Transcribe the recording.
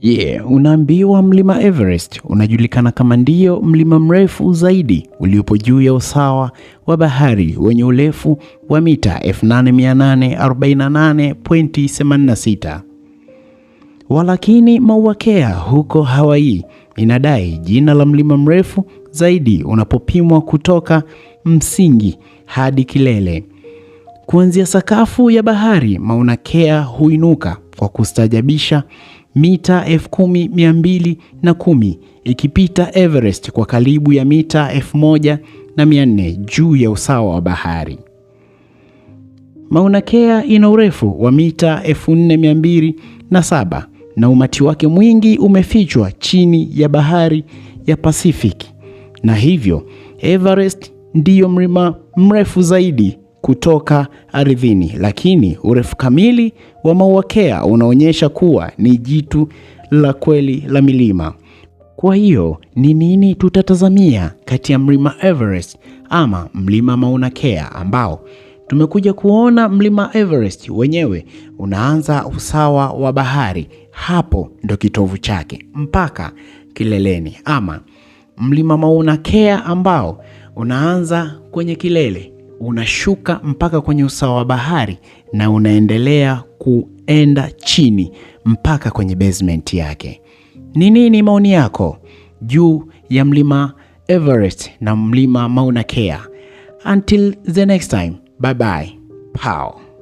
ye yeah, unaambiwa mlima Everest unajulikana kama ndio mlima mrefu zaidi uliopo juu ya usawa wa bahari wenye urefu wa mita 8848.86. Walakini Mauna Kea huko Hawaii inadai jina la mlima mrefu zaidi unapopimwa kutoka msingi hadi kilele. Kuanzia sakafu ya bahari, Mauna Kea huinuka kwa kustajabisha mita 10210 ikipita Everest kwa karibu ya mita 1400 juu ya usawa wa bahari. Mauna Kea ina urefu wa mita 4207 na umati wake mwingi umefichwa chini ya bahari ya pacific na hivyo Everest ndiyo mlima mrefu zaidi kutoka ardhini, lakini urefu kamili wa mauakea Kea unaonyesha kuwa ni jitu la kweli la milima. Kwa hiyo ni nini tutatazamia kati ya mlima Everest ama mlima Mauna Kea ambao tumekuja kuona? Mlima Everest wenyewe unaanza usawa wa bahari, hapo ndo kitovu chake mpaka kileleni, ama mlima Mauna Kea ambao unaanza kwenye kilele unashuka mpaka kwenye usawa wa bahari na unaendelea kuenda chini mpaka kwenye basement yake. Ni nini maoni yako juu ya mlima Everest na mlima Mauna Kea? Until the next time, bye bye. Pow.